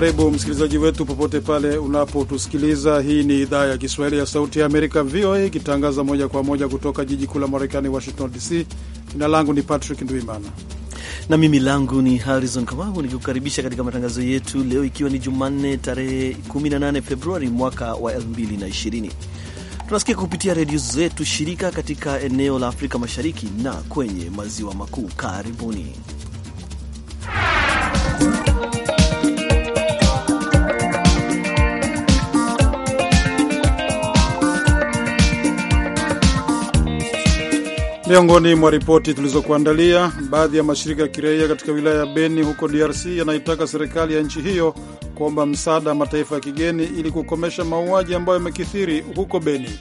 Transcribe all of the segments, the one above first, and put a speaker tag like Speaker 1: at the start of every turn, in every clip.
Speaker 1: Karibu msikilizaji wetu popote pale unapotusikiliza. Hii ni idhaa ya Kiswahili ya Sauti ya Amerika, VOA, ikitangaza moja kwa moja kutoka jiji kuu la Marekani,
Speaker 2: Washington DC. Jina langu ni Patrick Ndwimana na mimi langu ni Harrison Kamau nikikukaribisha katika matangazo yetu leo, ikiwa ni Jumanne tarehe 18 Februari mwaka wa 2020. Tunasikia kupitia redio zetu shirika katika eneo la Afrika Mashariki na kwenye maziwa makuu. Karibuni.
Speaker 1: Miongoni mwa ripoti tulizokuandalia, baadhi ya mashirika ya kiraia katika wilaya ya Beni huko DRC yanaitaka serikali ya nchi hiyo kuomba msaada wa mataifa ya kigeni ili kukomesha mauaji ambayo yamekithiri huko Beni.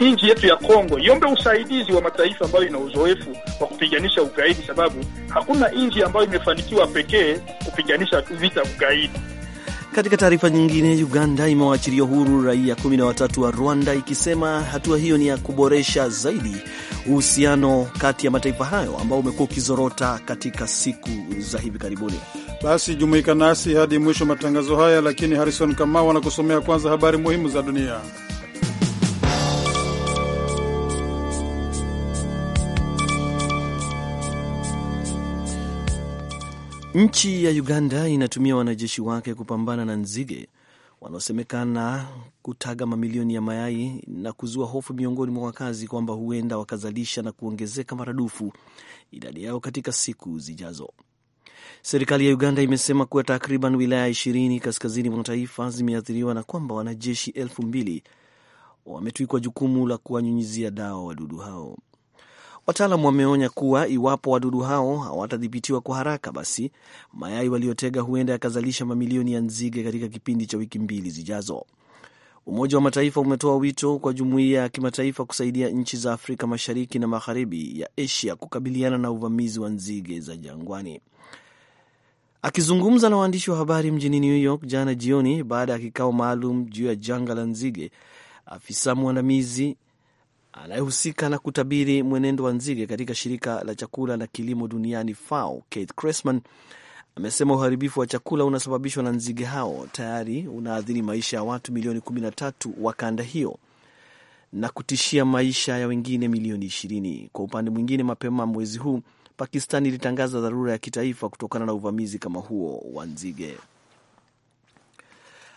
Speaker 1: Nchi yetu ya Kongo iombe usaidizi wa mataifa
Speaker 3: ambayo ina uzoefu wa kupiganisha ugaidi, sababu hakuna nchi ambayo imefanikiwa pekee kupiganisha vita ugaidi.
Speaker 2: Katika taarifa nyingine, Uganda imewaachilia huru raia watatu wa Rwanda, ikisema hatua hiyo ni ya kuboresha zaidi uhusiano kati ya mataifa hayo ambao umekuwa ukizorota katika siku za hivi karibuni.
Speaker 1: Basi jumuika nasi hadi mwisho matangazo haya, lakini Harrison Kamau anakusomea kwanza habari muhimu za dunia.
Speaker 2: Nchi ya Uganda inatumia wanajeshi wake kupambana na nzige wanaosemekana kutaga mamilioni ya mayai na kuzua hofu miongoni mwa wakazi kwamba huenda wakazalisha na kuongezeka maradufu idadi yao katika siku zijazo. Serikali ya Uganda imesema kuwa takriban wilaya ishirini kaskazini mwa taifa zimeathiriwa na kwamba wanajeshi elfu mbili wametwikwa jukumu la kuwanyunyizia dawa wadudu hao. Wataalam wameonya kuwa iwapo wadudu hao hawatadhibitiwa kwa haraka, basi mayai waliotega huenda yakazalisha mamilioni ya nzige katika kipindi cha wiki mbili zijazo. Umoja wa Mataifa umetoa wito kwa jumuiya ya kimataifa kusaidia nchi za Afrika Mashariki na magharibi ya Asia kukabiliana na uvamizi wa nzige za jangwani. Akizungumza na waandishi wa habari mjini New York jana jioni, baada ya kikao maalum juu ya janga la nzige, afisa mwandamizi anayehusika na kutabiri mwenendo wa nzige katika shirika la chakula na kilimo duniani FAO, Kate Cressman amesema uharibifu wa chakula unasababishwa na nzige hao tayari unaathiri maisha ya watu milioni 13 wa kanda hiyo na kutishia maisha ya wengine milioni 20. Kwa upande mwingine, mapema mwezi huu Pakistan ilitangaza dharura ya kitaifa kutokana na uvamizi kama huo wa nzige.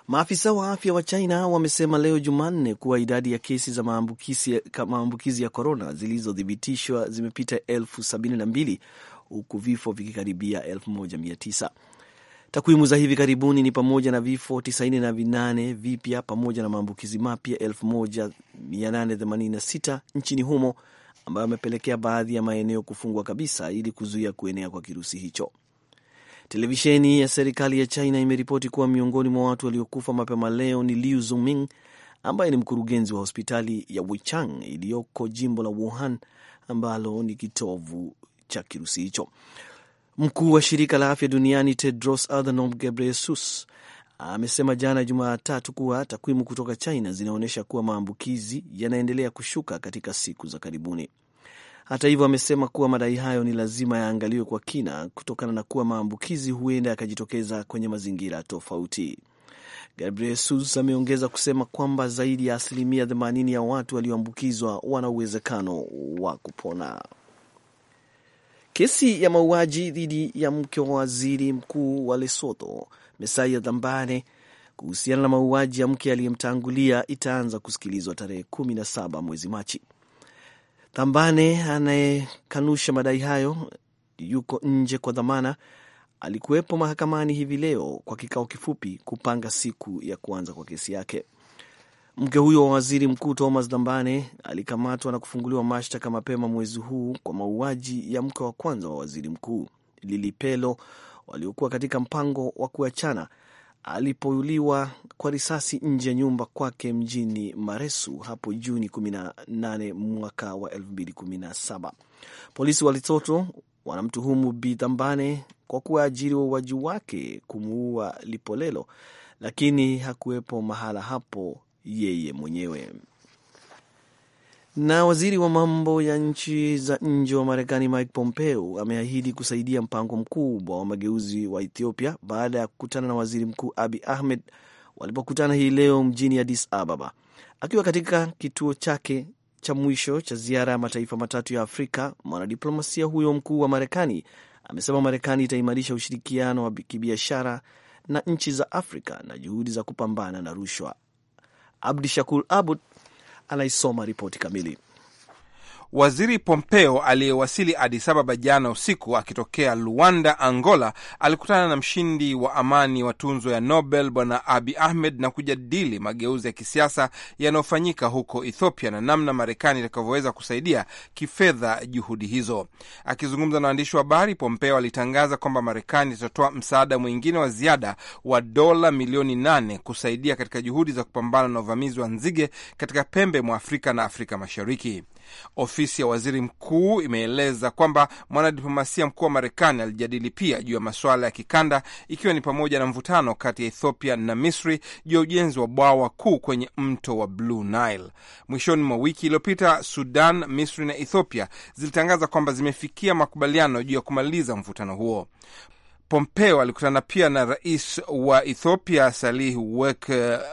Speaker 2: Maafisa wa afya wa China wamesema leo Jumanne kuwa idadi ya kesi za maambukizi ya korona zilizothibitishwa zimepita elfu sabini na mbili huku vifo vikikaribia elfu moja mia tisa. Takwimu za hivi karibuni ni pamoja na vifo 98 vipya pamoja na maambukizi mapya 1886 nchini humo ambayo amepelekea baadhi ya maeneo kufungwa kabisa ili kuzuia kuenea kwa kirusi hicho. Televisheni ya serikali ya China imeripoti kuwa miongoni mwa watu waliokufa mapema leo ni Liu Zuming ambaye ni mkurugenzi wa hospitali ya Wuchang iliyoko jimbo la Wuhan ambalo ni kitovu cha kirusi hicho. Mkuu wa shirika la afya duniani Tedros Adhanom Ghebreyesus amesema jana Jumatatu kuwa takwimu kutoka China zinaonyesha kuwa maambukizi yanaendelea kushuka katika siku za karibuni. Hata hivyo, amesema kuwa madai hayo ni lazima yaangaliwe kwa kina kutokana na kuwa maambukizi huenda yakajitokeza kwenye mazingira tofauti. Gabriel Sus ameongeza kusema kwamba zaidi ya asilimia 80 ya watu walioambukizwa wana uwezekano wa kupona. Kesi ya mauaji dhidi ya mke wa waziri mkuu wa Lesotho, Mesaia Dhambane, kuhusiana na mauaji ya mke aliyemtangulia itaanza kusikilizwa tarehe 17 mwezi Machi. Thambane anayekanusha madai hayo yuko nje kwa dhamana. Alikuwepo mahakamani hivi leo kwa kikao kifupi kupanga siku ya kuanza kwa kesi yake. Mke huyo wa waziri mkuu Thomas Thambane alikamatwa na kufunguliwa mashtaka mapema mwezi huu kwa mauaji ya mke wa kwanza wa waziri mkuu lilipelo waliokuwa katika mpango wa kuachana alipouliwa kwa risasi nje ya nyumba kwake mjini Maresu hapo Juni 18 mwaka wa 2017. Polisi walitoto wanamtuhumu Bi Thambane kwa kuwaajiri wauaji wake kumuua Lipolelo, lakini hakuwepo mahala hapo yeye mwenyewe. Na waziri wa mambo ya nchi za nje wa Marekani Mike Pompeo ameahidi kusaidia mpango mkubwa wa mageuzi wa Ethiopia baada ya kukutana na waziri mkuu Abi Ahmed walipokutana hii leo mjini Addis Ababa. Akiwa katika kituo chake cha mwisho cha ziara ya mataifa matatu ya Afrika, mwanadiplomasia huyo mkuu wa Marekani amesema Marekani itaimarisha ushirikiano wa kibiashara na nchi za Afrika na juhudi za kupambana na rushwa.
Speaker 4: Abdi Shakur Abud anaisoma ripoti kamili. Waziri Pompeo aliyewasili Addis Ababa jana usiku akitokea Luanda, Angola, alikutana na mshindi wa amani wa tunzo ya Nobel Bwana Abi Ahmed na kujadili mageuzi ya kisiasa yanayofanyika huko Ethiopia na namna Marekani itakavyoweza kusaidia kifedha juhudi hizo. Akizungumza na waandishi wa habari, Pompeo alitangaza kwamba Marekani itatoa msaada mwingine wa ziada wa dola milioni nane kusaidia katika juhudi za kupambana na uvamizi wa nzige katika pembe mwa Afrika na Afrika Mashariki. Ofisi ya waziri mkuu imeeleza kwamba mwanadiplomasia mkuu wa Marekani alijadili pia juu ya masuala ya kikanda, ikiwa ni pamoja na mvutano kati ya Ethiopia na Misri juu ya ujenzi wa bwawa kuu kwenye mto wa Blue Nile. Mwishoni mwa wiki iliyopita, Sudan, Misri na Ethiopia zilitangaza kwamba zimefikia makubaliano juu ya kumaliza mvutano huo. Pompeo alikutana pia na rais wa Ethiopia Salih Wek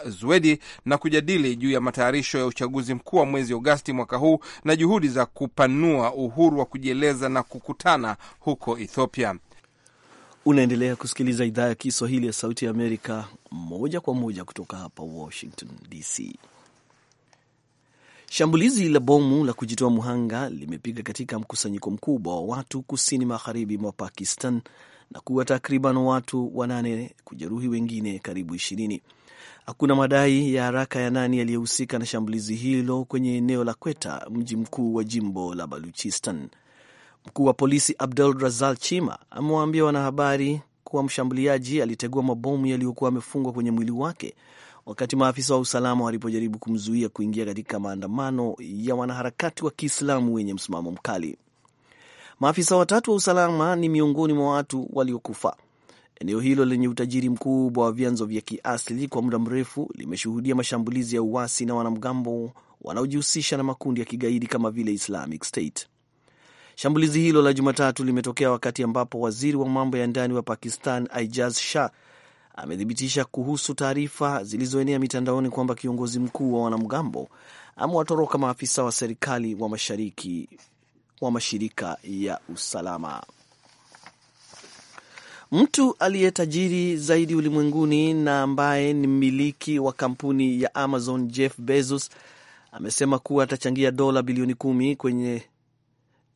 Speaker 4: Zwedi na kujadili juu ya matayarisho ya uchaguzi mkuu wa mwezi Agosti mwaka huu na juhudi za kupanua uhuru wa kujieleza na kukutana huko Ethiopia. Unaendelea kusikiliza
Speaker 2: idhaa ya Kiswahili ya Sauti ya Amerika moja kwa moja kutoka hapa Washington DC. Shambulizi la bomu la kujitoa muhanga limepiga katika mkusanyiko mkubwa wa watu kusini magharibi mwa Pakistan na kuwa takriban watu wanane kujeruhi wengine karibu ishirini. Hakuna madai ya haraka ya nani yaliyohusika na shambulizi hilo kwenye eneo la Kweta, mji mkuu wa jimbo la Baluchistan. Mkuu wa polisi Abdul Razal Chima amewaambia wanahabari kuwa mshambuliaji alitegua mabomu yaliyokuwa amefungwa kwenye mwili wake wakati maafisa wa usalama walipojaribu kumzuia kuingia katika maandamano ya wanaharakati wa Kiislamu wenye msimamo mkali. Maafisa watatu wa usalama ni miongoni mwa watu waliokufa. Eneo hilo lenye utajiri mkubwa wa vyanzo vya kiasili kwa muda mrefu limeshuhudia mashambulizi ya uasi na wanamgambo wanaojihusisha na makundi ya kigaidi kama vile Islamic State. Shambulizi hilo la Jumatatu limetokea wakati ambapo waziri wa mambo ya ndani wa Pakistan Ijaz Shah amethibitisha kuhusu taarifa zilizoenea mitandaoni kwamba kiongozi mkuu wa wanamgambo amewatoroka maafisa wa serikali wa mashariki wa mashirika ya usalama. Mtu aliye tajiri zaidi ulimwenguni na ambaye ni mmiliki wa kampuni ya Amazon Jeff Bezos amesema kuwa atachangia dola bilioni kumi kwenye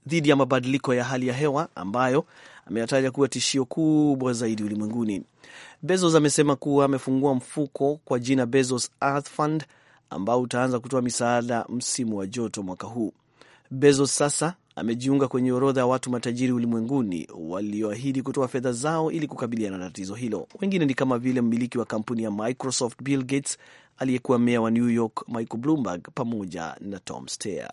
Speaker 2: dhidi ya mabadiliko ya hali ya hewa ambayo ameyataja kuwa tishio kubwa zaidi ulimwenguni. Bezos amesema kuwa amefungua mfuko kwa jina Bezos Earth Fund ambao utaanza kutoa misaada msimu wa joto mwaka huu. Bezos sasa amejiunga kwenye orodha ya watu matajiri ulimwenguni walioahidi kutoa fedha zao ili kukabiliana na tatizo hilo. Wengine ni kama vile mmiliki wa kampuni ya Microsoft Bill Gates, aliyekuwa meya wa New York Michael Bloomberg, pamoja na Tom Steyer.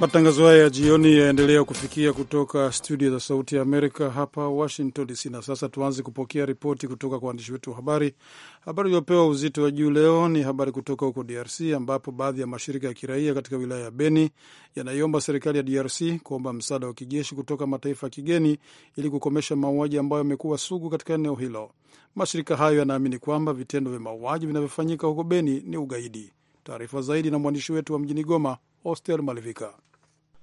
Speaker 1: Matangazo haya ya jioni yaendelea kufikia kutoka studio za Sauti ya Amerika hapa Washington DC. Na sasa tuanze kupokea ripoti kutoka kwa waandishi wetu wa habari. Habari iliyopewa uzito wa juu leo ni habari kutoka huko DRC, ambapo baadhi ya mashirika ya kiraia katika wilaya ya Beni yanaiomba serikali ya DRC kuomba msaada wa kijeshi kutoka mataifa ya kigeni ili kukomesha mauaji ambayo yamekuwa sugu katika eneo hilo. Mashirika hayo yanaamini kwamba vitendo vya mauaji vinavyofanyika huko Beni ni ugaidi. Taarifa zaidi na mwandishi wetu wa mjini Goma, Oster
Speaker 5: Malivika.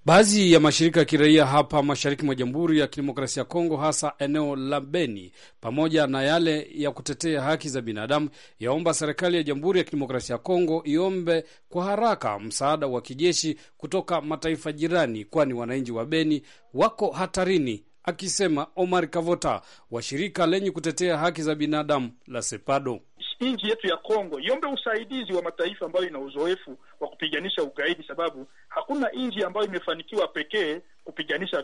Speaker 5: Baadhi ya mashirika ya kiraia hapa mashariki mwa Jamhuri ya Kidemokrasia ya Kongo, hasa eneo la Beni, pamoja na yale ya kutetea haki za binadamu, yaomba serikali ya Jamhuri ya Kidemokrasia ya Kongo iombe kwa haraka msaada wa kijeshi kutoka mataifa jirani, kwani wananchi wa Beni wako hatarini akisema Omar Kavota wa shirika lenye kutetea haki za binadamu la Sepado. Nchi yetu
Speaker 3: ya Kongo iombe usaidizi wa mataifa ambayo ina uzoefu wa kupiganisha ugaidi, sababu hakuna nchi ambayo imefanikiwa pekee kupiganisha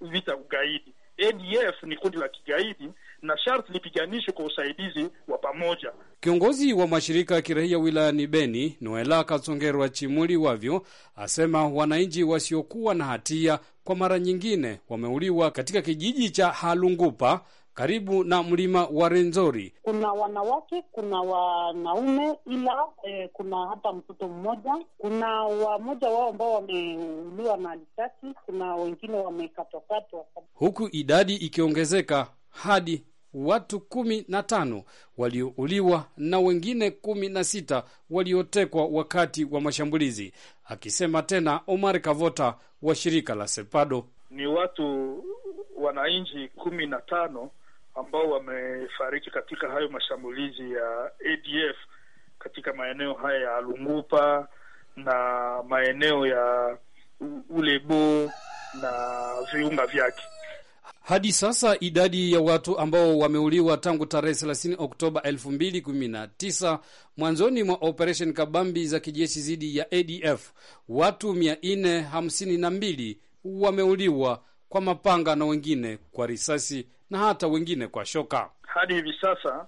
Speaker 3: vita ugaidi. ADF ni kundi la kigaidi na sharti lipiganishwe kwa usaidizi wa pamoja.
Speaker 5: Kiongozi wa mashirika ya kiraia wilayani Beni, Noela Kasongerwa Chimuli wavyo asema wananchi wasiokuwa na hatia kwa mara nyingine wameuliwa katika kijiji cha Halungupa karibu na mlima wa Renzori.
Speaker 6: Kuna wanawake, kuna wanaume, ila eh, kuna hata mtoto mmoja. Kuna wamoja wao ambao wameuliwa na risasi, kuna wengine wamekatwakatwa,
Speaker 5: huku idadi ikiongezeka hadi watu kumi na tano waliouliwa na wengine kumi na sita waliotekwa wakati wa mashambulizi, akisema tena Omar Kavota wa shirika la Sepado.
Speaker 3: Ni watu wananchi kumi na tano ambao wamefariki katika hayo mashambulizi ya ADF katika maeneo haya ya Lungupa na maeneo ya Ulebo na viunga vyake.
Speaker 5: Hadi sasa idadi ya watu ambao wameuliwa tangu tarehe 30 Oktoba 2019 mwanzoni mwa Operation kabambi za kijeshi dhidi ya ADF, watu 452 wameuliwa kwa mapanga na wengine kwa risasi na hata wengine kwa shoka.
Speaker 3: Hadi hivi sasa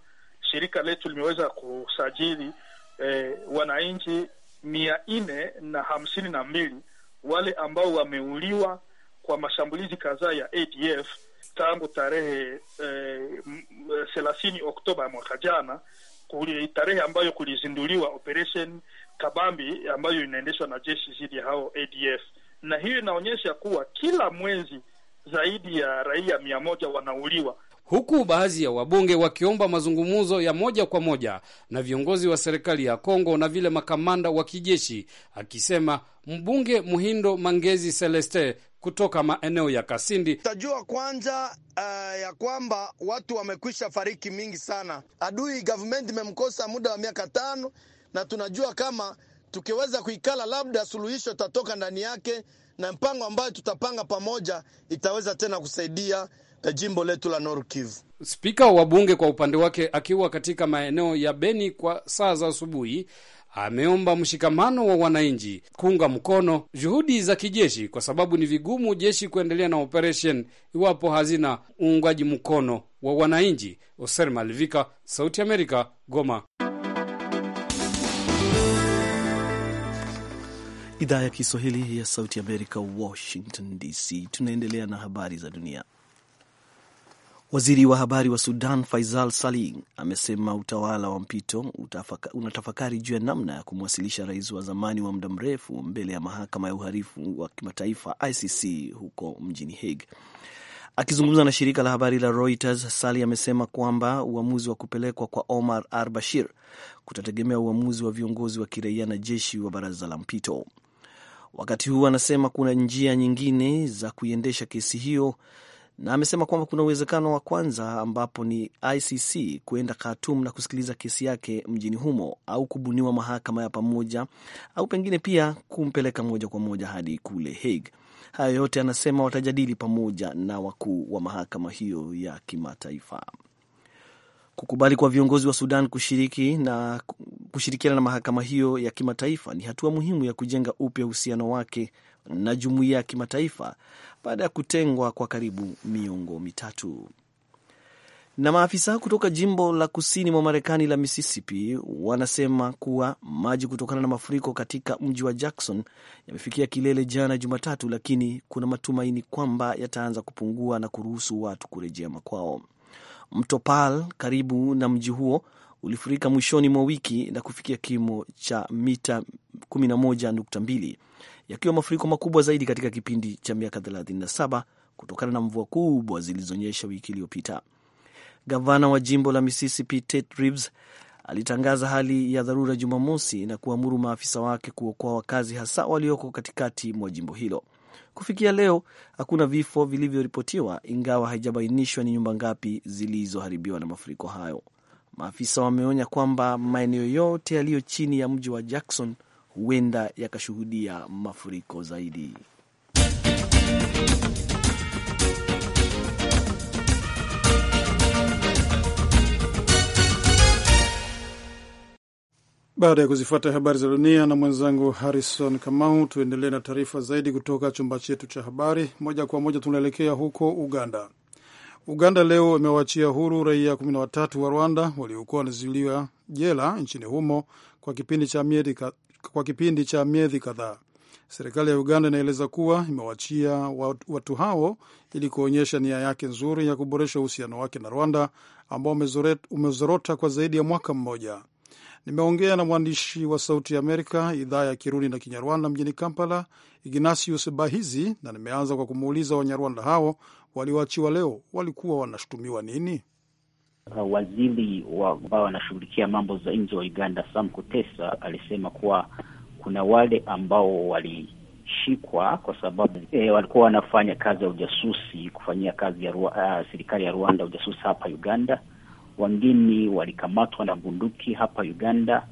Speaker 3: shirika letu limeweza kusajili eh, wananchi mia nne na hamsini na mbili wale ambao wameuliwa kwa mashambulizi kadhaa ya ADF tangu tarehe eh, eh, thelathini eh, Oktoba mwaka jana, tarehe ambayo kulizinduliwa operation Kabambi ambayo inaendeshwa na jeshi dhidi ya hao ADF, na hiyo inaonyesha kuwa kila mwezi zaidi ya raia mia moja
Speaker 5: wanauliwa huku baadhi ya wabunge wakiomba mazungumzo ya moja kwa moja na viongozi wa serikali ya Kongo na vile makamanda wa kijeshi, akisema mbunge Muhindo Mangezi Celeste kutoka maeneo ya Kasindi. Tajua kwanza
Speaker 3: uh, ya kwamba watu wamekwisha
Speaker 5: fariki mingi sana. Adui government imemkosa muda wa
Speaker 3: miaka tano, na tunajua kama tukiweza kuikala, labda suluhisho tatoka ndani yake na mpango ambayo tutapanga pamoja itaweza tena kusaidia eh, jimbo letu
Speaker 5: la North Kivu. Spika wa bunge kwa upande wake akiwa katika maeneo ya Beni kwa saa za asubuhi ameomba mshikamano wa wananchi kuunga mkono juhudi za kijeshi kwa sababu ni vigumu jeshi kuendelea na operation iwapo hazina uungwaji mkono wa wananchi. Oser Malivika, Sauti Amerika, Goma.
Speaker 2: Idhaa ya Kiswahili ya Sauti Amerika, Washington DC. Tunaendelea na habari za dunia. Waziri wa habari wa Sudan Faisal Salih amesema utawala wa mpito unatafakari juu ya namna ya kumwasilisha rais wa zamani wa muda mrefu mbele ya mahakama ya uhalifu wa kimataifa ICC huko mjini Hague. Akizungumza na shirika la habari la Reuters, Sali amesema kwamba uamuzi wa kupelekwa kwa Omar al Bashir kutategemea uamuzi wa viongozi wa kiraia na jeshi wa baraza la mpito. Wakati huu anasema kuna njia nyingine za kuiendesha kesi hiyo, na amesema kwamba kuna uwezekano wa kwanza ambapo ni ICC kuenda Khartoum na kusikiliza kesi yake mjini humo, au kubuniwa mahakama ya pamoja, au pengine pia kumpeleka moja kwa moja hadi kule Hague. Hayo yote anasema watajadili pamoja na wakuu wa mahakama hiyo ya kimataifa. Kukubali kwa viongozi wa Sudan kushiriki na Kushirikiana na mahakama hiyo ya kimataifa ni hatua muhimu ya kujenga upya uhusiano wake na jumuiya ya kimataifa baada ya kutengwa kwa karibu miongo mitatu. Na maafisa kutoka jimbo la kusini mwa Marekani la Mississippi wanasema kuwa maji kutokana na mafuriko katika mji wa Jackson yamefikia kilele jana Jumatatu, lakini kuna matumaini kwamba yataanza kupungua na kuruhusu watu kurejea makwao. Mto Pal karibu na mji huo ulifurika mwishoni mwa wiki na kufikia kimo cha mita 11.2 yakiwa mafuriko makubwa zaidi katika kipindi cha miaka 37 kutokana na mvua kubwa zilizonyesha wiki iliyopita. Gavana wa jimbo la Mississippi Tate Reeves alitangaza hali ya dharura Jumamosi na kuamuru maafisa wake kuokoa wakazi hasa walioko katikati mwa jimbo hilo. Kufikia leo hakuna vifo vilivyoripotiwa, ingawa haijabainishwa ni nyumba ngapi zilizoharibiwa na mafuriko hayo. Maafisa wameonya kwamba maeneo yote yaliyo chini ya mji wa Jackson huenda yakashuhudia mafuriko zaidi.
Speaker 1: Baada ya kuzifuata habari za dunia na mwenzangu Harrison Kamau, tuendelee na taarifa zaidi kutoka chumba chetu cha habari. Moja kwa moja tunaelekea huko Uganda. Uganda leo imewachia huru raia 13 wa Rwanda waliokuwa wanazuiliwa jela nchini humo kwa kipindi cha miezi kwa kipindi cha miezi kadhaa. Serikali ya Uganda inaeleza kuwa imewachia watu hao ili kuonyesha nia yake nzuri ya kuboresha uhusiano wake na Rwanda ambao umezorota kwa zaidi ya mwaka mmoja. Nimeongea na mwandishi wa Sauti ya Amerika idhaa ya Kirundi na Kinyarwanda mjini Kampala, Ignatius Bahizi, na nimeanza kwa kumuuliza Wanyarwanda hao walioachiwa leo walikuwa wanashutumiwa nini?
Speaker 7: Uh, waziri ambao wanashughulikia mambo za nje wa Uganda Sam Kutesa alisema kuwa kuna wale ambao walishikwa kwa sababu e, walikuwa wanafanya kazi ya ujasusi kufanyia kazi ya uh, serikali ya Rwanda ujasusi hapa Uganda. Wengine walikamatwa na bunduki hapa Uganda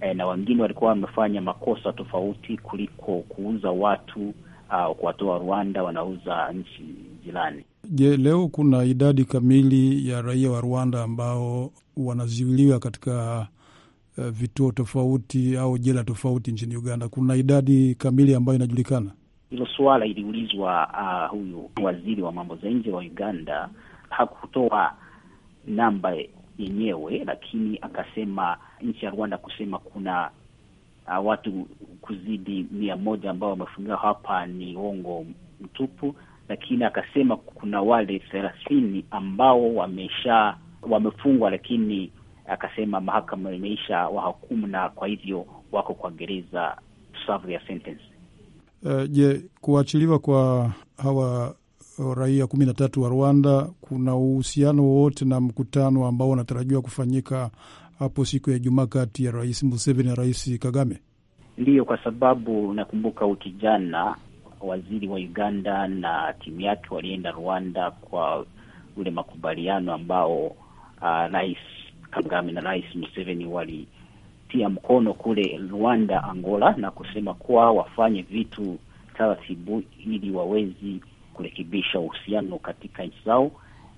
Speaker 7: e, na wengine walikuwa wamefanya makosa tofauti kuliko kuuza watu au kuwatoa Rwanda wanauza nchi jirani.
Speaker 1: Je, leo kuna idadi kamili ya raia wa Rwanda ambao wanazuiliwa katika uh, vituo tofauti au jela tofauti nchini Uganda? Kuna idadi kamili ambayo inajulikana?
Speaker 7: Hilo suala iliulizwa uh, huyu waziri wa mambo za nje wa Uganda hakutoa namba yenyewe, lakini akasema nchi ya Rwanda kusema kuna uh, watu kuzidi mia moja ambao wamefungiwa hapa ni uongo mtupu, lakini akasema kuna wale thelathini ambao wamesha wamefungwa, lakini akasema mahakama imeisha wahukumu na kwa hivyo wako kwa gereza serve ya sentence.
Speaker 1: Uh, je, kuachiliwa kwa hawa raia kumi na tatu wa Rwanda kuna uhusiano wowote na mkutano ambao unatarajiwa kufanyika hapo siku ya Ijumaa kati ya Rais Museveni na Rais Kagame?
Speaker 7: Ndiyo, kwa sababu nakumbuka wiki jana waziri wa Uganda na timu yake walienda Rwanda kwa ule makubaliano ambao uh, Rais Kagame na Rais Museveni walitia mkono kule Rwanda, Angola, na kusema kuwa wafanye vitu taratibu ili wawezi kurekebisha uhusiano katika nchi zao,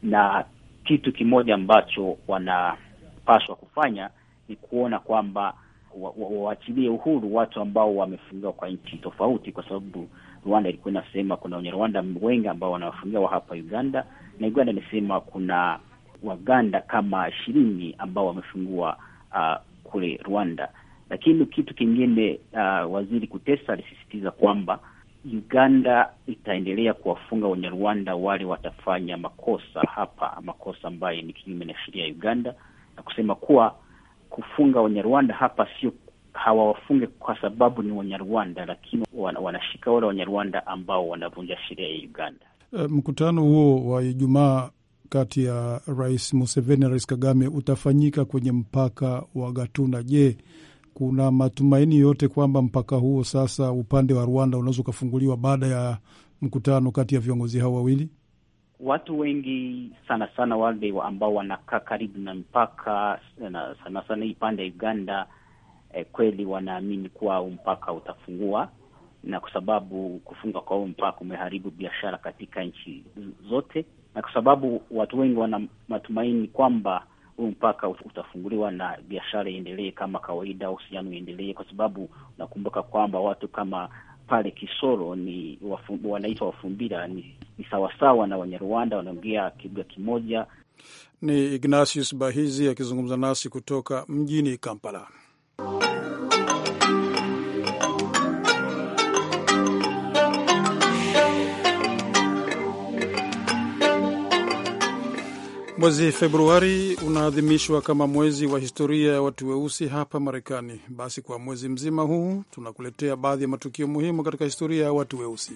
Speaker 7: na kitu kimoja ambacho wana wanachopaswa kufanya ni kuona kwamba waachilie wa, wa uhuru watu ambao wamefungiwa kwa nchi tofauti, kwa sababu Rwanda ilikuwa inasema kuna Wanyarwanda wengi ambao wanafungiwa hapa Uganda, na Uganda inasema kuna Waganda kama ishirini ambao wamefungiwa uh, kule Rwanda. Lakini kitu kingine uh, waziri Kutesa alisisitiza kwamba Uganda itaendelea kuwafunga Wanyarwanda wale watafanya makosa hapa, makosa ambayo ni kinyume na sheria ya Uganda na kusema kuwa kufunga Wanyarwanda hapa sio hawawafunge kwa sababu ni Wanyarwanda, lakini wanashika wale Wanyarwanda ambao wanavunja sheria ya Uganda.
Speaker 1: Eh, mkutano huo wa Ijumaa kati ya Rais Museveni na Rais Kagame utafanyika kwenye mpaka wa Gatuna. Je, kuna matumaini yote kwamba mpaka huo sasa upande wa Rwanda unaweza ukafunguliwa baada ya mkutano kati ya viongozi hao wawili?
Speaker 7: watu wengi sana sana wale ambao wanakaa karibu na mpaka na sana sana hii pande ya Uganda eh, kweli wanaamini kuwa huu mpaka utafungua, na kwa sababu kufunga kwa huu mpaka umeharibu biashara katika nchi zote, na kwa sababu watu wengi wana matumaini kwamba huu mpaka utafunguliwa na biashara iendelee kama kawaida, uhusiano uendelee, kwa sababu nakumbuka kwamba watu kama pale Kisoro ni wanaitwa Wafumbira, ni, ni sawasawa na Wanyarwanda, wanaongea kilugha kimoja.
Speaker 1: Ni Ignatius Bahizi akizungumza nasi kutoka mjini Kampala. Mwezi Februari unaadhimishwa kama mwezi wa historia ya watu weusi hapa Marekani. Basi kwa mwezi mzima huu tunakuletea baadhi ya matukio muhimu katika historia ya watu weusi.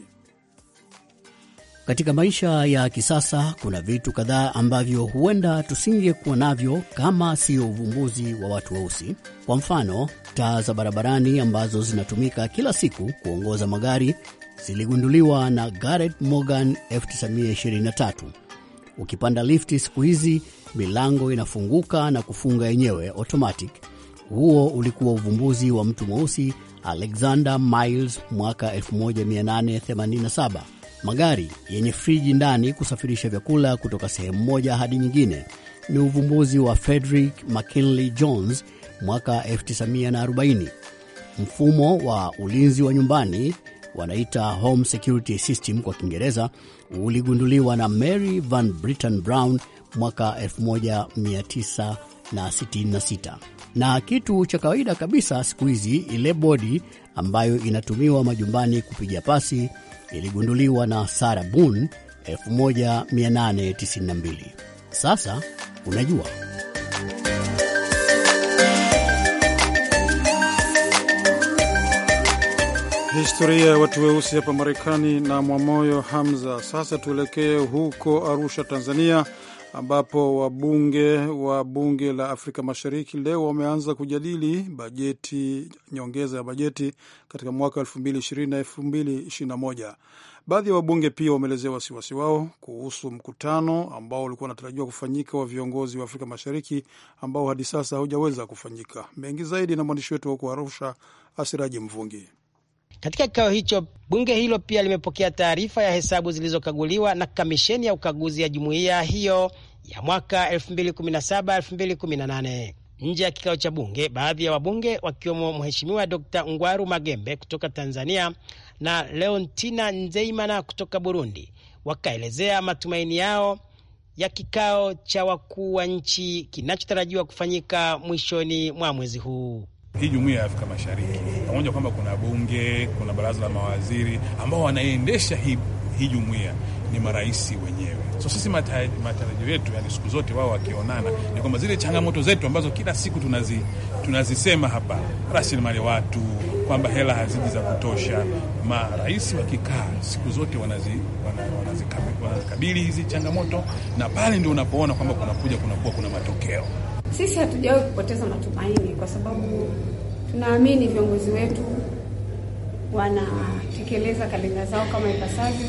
Speaker 8: Katika maisha ya kisasa kuna vitu kadhaa ambavyo huenda tusingekuwa navyo kama sio uvumbuzi wa watu weusi. Kwa mfano, taa za barabarani ambazo zinatumika kila siku kuongoza magari ziligunduliwa na Gareth Morgan 1923 Ukipanda lifti siku hizi milango inafunguka na kufunga yenyewe automatic. Huo ulikuwa uvumbuzi wa mtu mweusi Alexander Miles mwaka 1887. Magari yenye friji ndani kusafirisha vyakula kutoka sehemu moja hadi nyingine ni uvumbuzi wa Frederick McKinley Jones mwaka 1940. Mfumo wa ulinzi wa nyumbani wanaita Home Security System kwa Kiingereza uligunduliwa na Mary Van Britten Brown mwaka 1966 na kitu cha kawaida kabisa siku hizi, ile bodi ambayo inatumiwa majumbani kupiga pasi iligunduliwa na Sarah Boone 1892. Sasa unajua
Speaker 1: Historia ya watu weusi hapa Marekani na Mwamoyo Hamza. Sasa tuelekee huko Arusha, Tanzania, ambapo wabunge wa bunge la Afrika Mashariki leo wameanza kujadili bajeti, nyongeza ya bajeti katika mwaka 2020 na 2021. Baadhi ya wabunge pia wameelezea wasiwasi wao kuhusu mkutano ambao ulikuwa unatarajiwa kufanyika wa viongozi wa Afrika Mashariki ambao hadi sasa haujaweza kufanyika. Mengi zaidi na mwandishi wetu wa huko Arusha, Asiraji Mvungi. Katika kikao hicho bunge hilo pia
Speaker 9: limepokea taarifa ya hesabu zilizokaguliwa na kamisheni ya ukaguzi ya jumuiya hiyo ya mwaka 2017-2018. Nje ya kikao cha bunge, baadhi ya wabunge wakiwemo Mheshimiwa Dr Ngwaru Magembe kutoka Tanzania na Leontina Nzeimana kutoka Burundi wakaelezea matumaini yao ya kikao cha wakuu wa nchi kinachotarajiwa kufanyika mwishoni mwa mwezi huu
Speaker 1: hii jumuiya ya Afrika Mashariki, pamoja kwamba kuna bunge, kuna baraza la
Speaker 4: mawaziri
Speaker 1: ambao wanaendesha hii hii jumuiya ni marais wenyewe. So sisi matarajio yetu, yani siku zote wao wakionana, ni kwamba zile changamoto zetu ambazo kila siku tunazi, tunazisema hapa, rasilimali watu, kwamba hela haziji za kutosha, marais wakikaa siku zote wanazi, wanazikabili hizi changamoto, na pale ndio unapoona kwamba kunakuja kunakuwa kuna matokeo.
Speaker 5: Sisi hatujawahi kupoteza matumaini, kwa sababu tunaamini viongozi wetu wanatekeleza kalenda zao kama ipasavyo.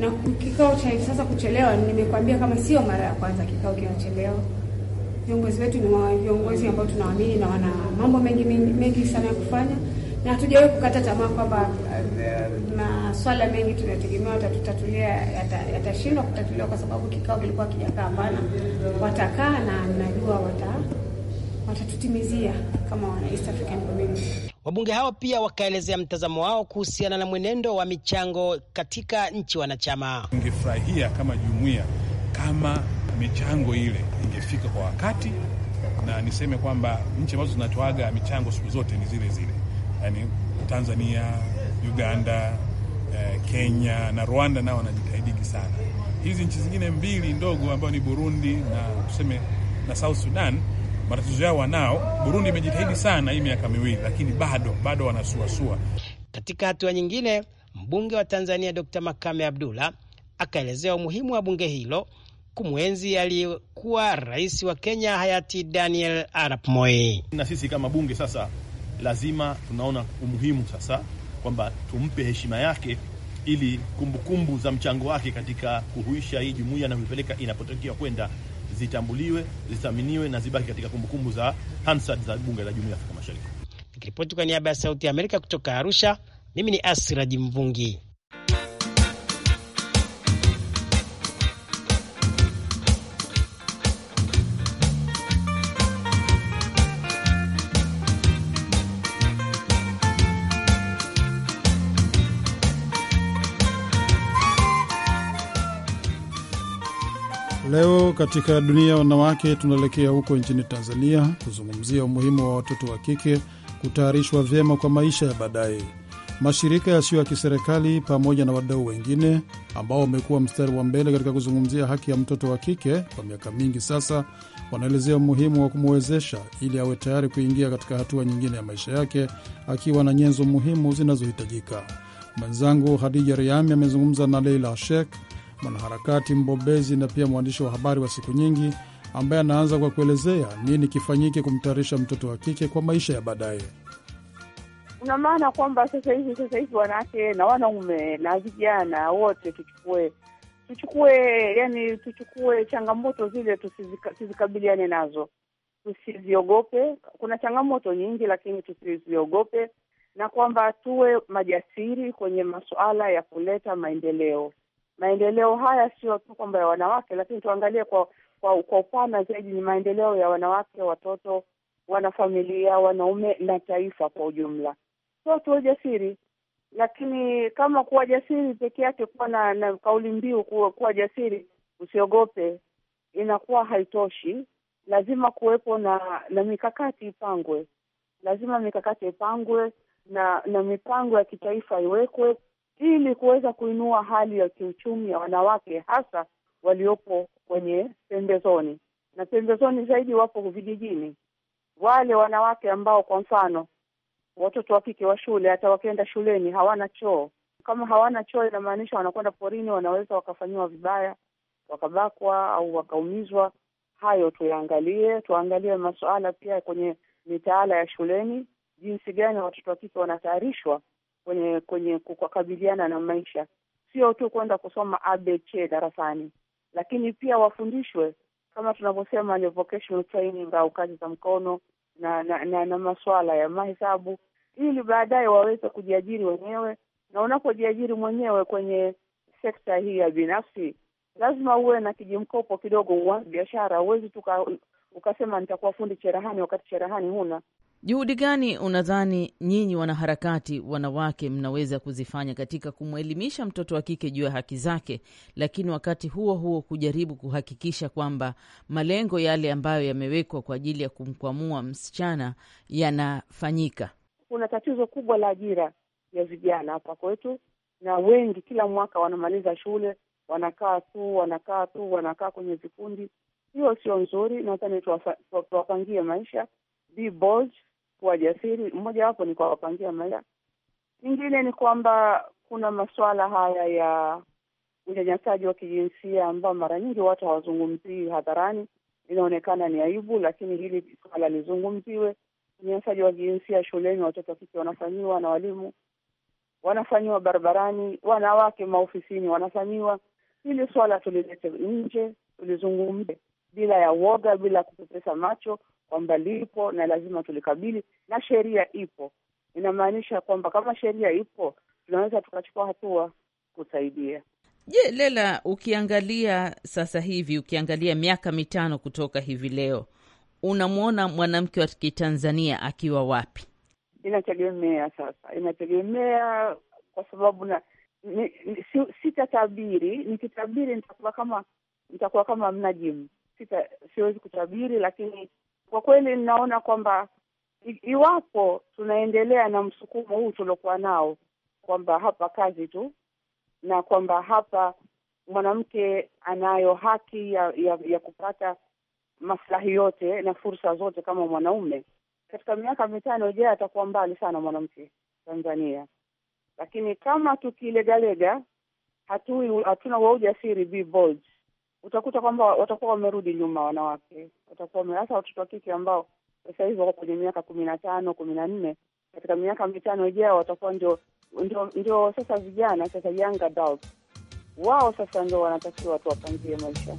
Speaker 5: Na kikao cha hivi sasa kuchelewa, nimekwambia kama sio mara ya kwanza kikao kinachelewa. Viongozi wetu ni viongozi ambao tunaamini na wana mambo mengi mengi, sana ya kufanya, na hatujawahi kukata tamaa kwamba uh, maswala mengi tunayotegemea watatutatulia yatashindwa yata kutatuliwa kwa sababu kikao kilikuwa kijakaa. Hapana, watakaa na najua wata watatutimizia kama wana East African
Speaker 9: Community. Wabunge hao pia wakaelezea mtazamo wao kuhusiana na mwenendo wa michango katika nchi wanachama. Ingefurahia kama jumuiya kama michango
Speaker 1: ile ingefika kwa wakati, na niseme kwamba nchi ambazo zinatoaga michango siku zote ni zile zile, yani Tanzania, Uganda, eh, Kenya na Rwanda, nao wanajitahidiki sana. Hizi nchi zingine mbili ndogo ambayo ni Burundi na tuseme na South Sudan matatizo yao wanao. Burundi imejitahidi sana hii miaka miwili, lakini bado bado wanasuasua.
Speaker 9: Katika hatua nyingine, mbunge wa Tanzania Dr. Makame Abdullah akaelezea umuhimu wa bunge hilo kumwenzi aliyekuwa rais wa Kenya hayati Daniel Arap Moi. Na sisi kama bunge sasa lazima tunaona umuhimu sasa kwamba tumpe heshima yake
Speaker 3: ili kumbukumbu kumbu za mchango wake katika kuhuisha hii jumuiya na kuipeleka inapotokea kwenda
Speaker 9: zitambuliwe, zithaminiwe na zibaki katika kumbukumbu za Hansard za bunge la Jumuiya ya Afrika Mashariki. Nikiripoti kwa niaba ya Sauti ya Amerika kutoka Arusha, mimi ni Asiraji Mvungi.
Speaker 1: Leo katika dunia ya wanawake, tunaelekea huko nchini Tanzania kuzungumzia umuhimu wa watoto wa kike kutayarishwa vyema kwa maisha ya baadaye. Mashirika yasiyo ya kiserikali pamoja na wadau wengine ambao wamekuwa mstari wa mbele katika kuzungumzia haki ya mtoto wa kike kwa miaka mingi sasa, wanaelezea umuhimu wa kumwezesha ili awe tayari kuingia katika hatua nyingine ya maisha yake akiwa na nyenzo muhimu zinazohitajika. Mwenzangu Hadija Riami amezungumza na Leila Shek, mwanaharakati mbobezi na pia mwandishi wa habari wa siku nyingi, ambaye anaanza kwa kuelezea nini kifanyike kumtayarisha mtoto wa kike kwa maisha ya baadaye.
Speaker 6: Kuna maana kwamba sasa hivi sasa hivi wanawake na wanaume na vijana wote tuchukue tuchukue yani, tuchukue changamoto zile, tusizikabiliane nazo, tusiziogope. Kuna changamoto nyingi, lakini tusiziogope, na kwamba tuwe majasiri kwenye masuala ya kuleta maendeleo maendeleo haya sio tu kwamba ya wanawake, lakini tuangalie kwa kwa kwa upana zaidi, ni maendeleo ya wanawake, watoto, wanafamilia, wanaume na taifa kwa ujumla. So tuwe jasiri, lakini kama kuwa jasiri peke yake, kuwa na, na kauli mbiu kuwa, kuwa jasiri, usiogope, inakuwa haitoshi. Lazima kuwepo na na mikakati ipangwe, lazima mikakati ipangwe na na mipango ya kitaifa iwekwe ili kuweza kuinua hali ya kiuchumi ya wanawake hasa waliopo kwenye pembezoni, na pembezoni zaidi wapo vijijini. Wale wanawake ambao kwa mfano watoto wa kike wa shule, hata wakienda shuleni hawana choo. Kama hawana choo, inamaanisha wanakwenda porini, wanaweza wakafanyiwa vibaya, wakabakwa au wakaumizwa. Hayo tuyaangalie, tuangalie masuala pia kwenye mitaala ya shuleni, jinsi gani watoto wa kike wanatayarishwa kwenye kwenye kukabiliana na maisha, sio tu kwenda kusoma ABC darasani, lakini pia wafundishwe kama tunavyosema ni vocational training au kazi za mkono na na, na, na masuala ya mahesabu, ili baadaye waweze kujiajiri wenyewe. Na unapojiajiri mwenyewe kwenye sekta hii ya binafsi, lazima uwe na kijimkopo kidogo, uanze biashara. Huwezi tu ukasema nitakuwa fundi cherehani wakati cherehani huna.
Speaker 9: Juhudi gani unadhani nyinyi wanaharakati wanawake mnaweza kuzifanya katika kumwelimisha mtoto wa kike juu ya haki zake, lakini wakati huo huo kujaribu kuhakikisha kwamba malengo yale ambayo yamewekwa kwa ajili ya kumkwamua msichana yanafanyika?
Speaker 6: Kuna tatizo kubwa la ajira ya vijana hapa kwetu, na wengi kila mwaka wanamaliza shule wanakaa tu wanakaa tu wanakaa kwenye vikundi. Hiyo sio nzuri, nadhani tuwapangie maisha. Be bold, wajasiri jasiri. Mmoja wapo ni kwa wapangia maya, nyingine ni kwamba kuna masuala haya ya unyanyasaji wa kijinsia ambao mara nyingi watu hawazungumzii hadharani, inaonekana ni aibu, lakini hili swala lizungumziwe. Unyanyasaji wa kijinsia shuleni, watoto wa kike wanafanyiwa na walimu, wanafanyiwa barabarani, wanawake maofisini wanafanyiwa. Hili swala tulilete nje, tulizungumze bila ya woga, bila kupepesa macho, kwamba lipo na lazima tulikabili, na sheria ipo. Inamaanisha kwamba kama sheria ipo, tunaweza tukachukua hatua kusaidia.
Speaker 9: Je, Lela, ukiangalia sasa hivi, ukiangalia miaka mitano kutoka hivi leo, unamwona mwanamke wa Kitanzania akiwa wapi?
Speaker 6: Inategemea sasa, inategemea kwa sababu na ni, si, sitatabiri. Nikitabiri nitakuwa kama nitakuwa kama mnajimu, siwezi kutabiri, lakini kwa kweli ninaona kwamba iwapo tunaendelea na msukumo huu tuliokuwa nao kwamba hapa kazi tu na kwamba hapa mwanamke anayo haki ya, ya, ya kupata maslahi yote na fursa zote kama mwanaume. Katika miaka mitano ijayo atakuwa mbali sana mwanamke Tanzania, lakini kama tukilegalega, hatui hatuna ujasiri, be bold utakuta kwamba watakuwa wamerudi nyuma wanawake, watakuwa hasa watoto wa kike ambao sasa hivi wako kwenye miaka kumi na tano kumi na nne katika miaka mitano ijao watakuwa ndio ndio ndio sasa vijana sasa young adults wao sasa ndio wanatakiwa watu wapangie maisha.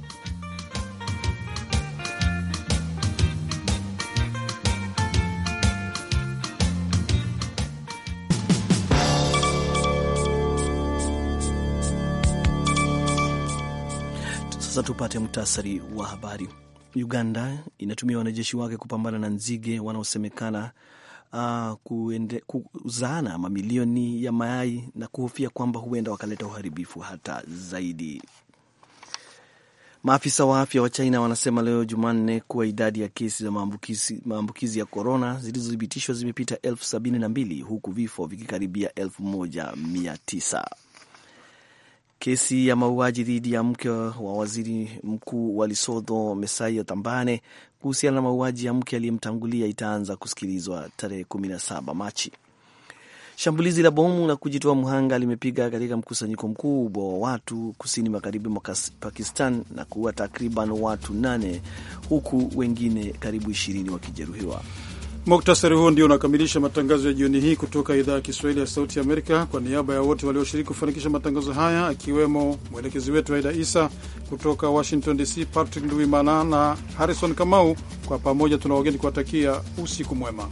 Speaker 2: Sasa tupate muhtasari wa habari. Uganda inatumia wanajeshi wake kupambana na nzige wanaosemekana uh, kuzaana mamilioni ya mayai na kuhofia kwamba huenda wakaleta uharibifu hata zaidi. Maafisa wa afya wa China wanasema leo Jumanne kuwa idadi ya kesi za maambukizi, maambukizi ya korona zilizothibitishwa zimepita elfu sabini na mbili huku vifo vikikaribia elfu moja mia tisa. Kesi ya mauaji dhidi ya mke wa waziri mkuu wa lisodho Mesaia Tambane, kuhusiana na mauaji ya mke aliyemtangulia itaanza kusikilizwa tarehe 17 Machi. Shambulizi la bomu la kujitoa mhanga limepiga katika mkusanyiko mkubwa wa watu kusini magharibi mwa Pakistan na kuua takriban watu nane huku wengine karibu ishirini wakijeruhiwa.
Speaker 1: Muktasari huo ndio unakamilisha matangazo ya jioni hii kutoka idhaa ya Kiswahili ya Sauti ya Amerika. Kwa niaba ya wote walioshiriki kufanikisha matangazo haya, akiwemo mwelekezi wetu Aida Isa kutoka Washington DC, Patrick Nduimana na Harrison Kamau, kwa pamoja tuna wageni kuwatakia usiku mwema.